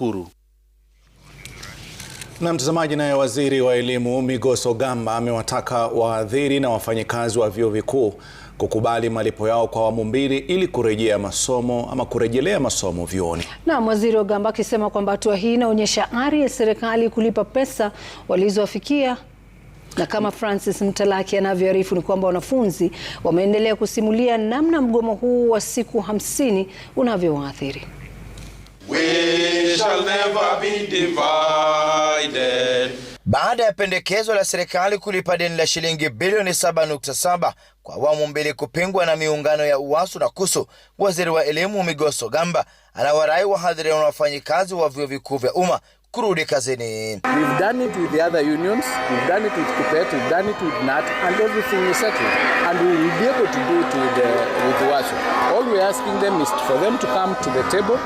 Nakuru. Na mtazamaji, naye waziri wa elimu Migos Ogamba amewataka waadhiri na wafanyikazi wa vyuo vikuu kukubali malipo yao kwa awamu mbili ili kurejea masomo ama kurejelea masomo vyuoni. Naam, waziri Ogamba akisema kwamba hatua hii inaonyesha ari ya serikali kulipa pesa walizowafikia na kama Francis Mtalaki anavyoarifu ni kwamba wanafunzi wameendelea kusimulia namna mgomo huu wa siku hamsini unavyowaathiri be divided. Baada ya pendekezo la serikali kulipa deni la shilingi bilioni 7.7 kwa awamu mbili kupingwa na miungano ya UWASU na KUSU, waziri wa elimu Migoso Gamba anawarai wahadhiri na wafanyikazi wa vyuo vikuu vya umma kurudi kazini ambacho all we asking them is for them to come to the table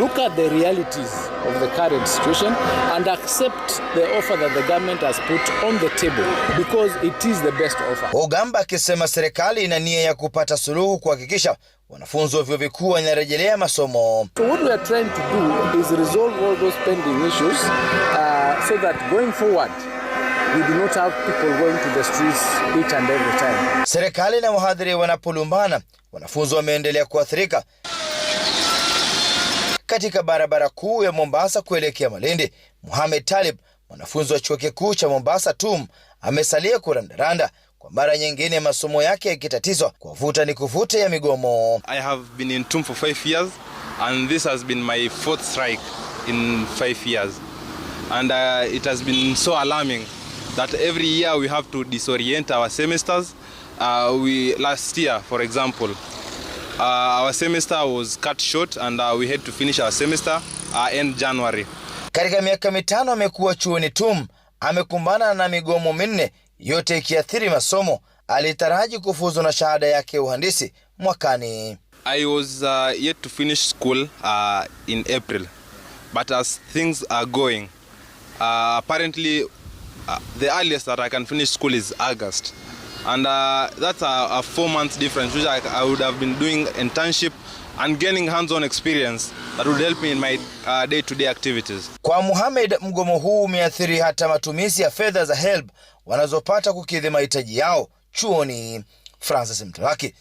look at the realities of the current situation and accept the offer that the government has put on the table because it is the best offer. Ogamba akisema serikali ina nia ya kupata suluhu kuhakikisha wanafunzi wa vyuo vikuu wanarejelea masomo. So what we are trying to do is resolve all those pending issues uh, so that going forward We do not have people going to the streets each and every time. Serikali na wahadhiri wanapolumbana wanafunzi wameendelea kuathirika katika barabara kuu ya Mombasa kuelekea Malindi. Mohamed Talib, mwanafunzi wa chuo kikuu cha Mombasa TUM, amesalia kurandaranda kwa mara nyingine, masomo yake yakitatizwa kwa vuta ni kuvute ya migomo. I have been in TUM for five years and this has been my fourth strike in five years and uh, it has been so alarming that every year we have to disorient our semesters Uh, we last year, for example, uh, our semester was cut short and uh, we had to finish our semester uh, end January. Katika miaka mitano amekuwa chuoni TUM, amekumbana na migomo minne, yote ikiathiri masomo. Alitaraji kufuzu na shahada yake ya uhandisi mwakani. I was uh, yet to finish school uh, in April but as things are going uh, apparently uh, the earliest that I can finish school is August and uh, that's a, a four month difference which I, I would have been doing internship and gaining hands-on experience that would help me in my uh, day-to-day activities. Kwa Muhammad, mgomo huu umeathiri hata matumizi ya fedha za HELB wanazopata kukidhi mahitaji yao chuoni. Francis Mtalaki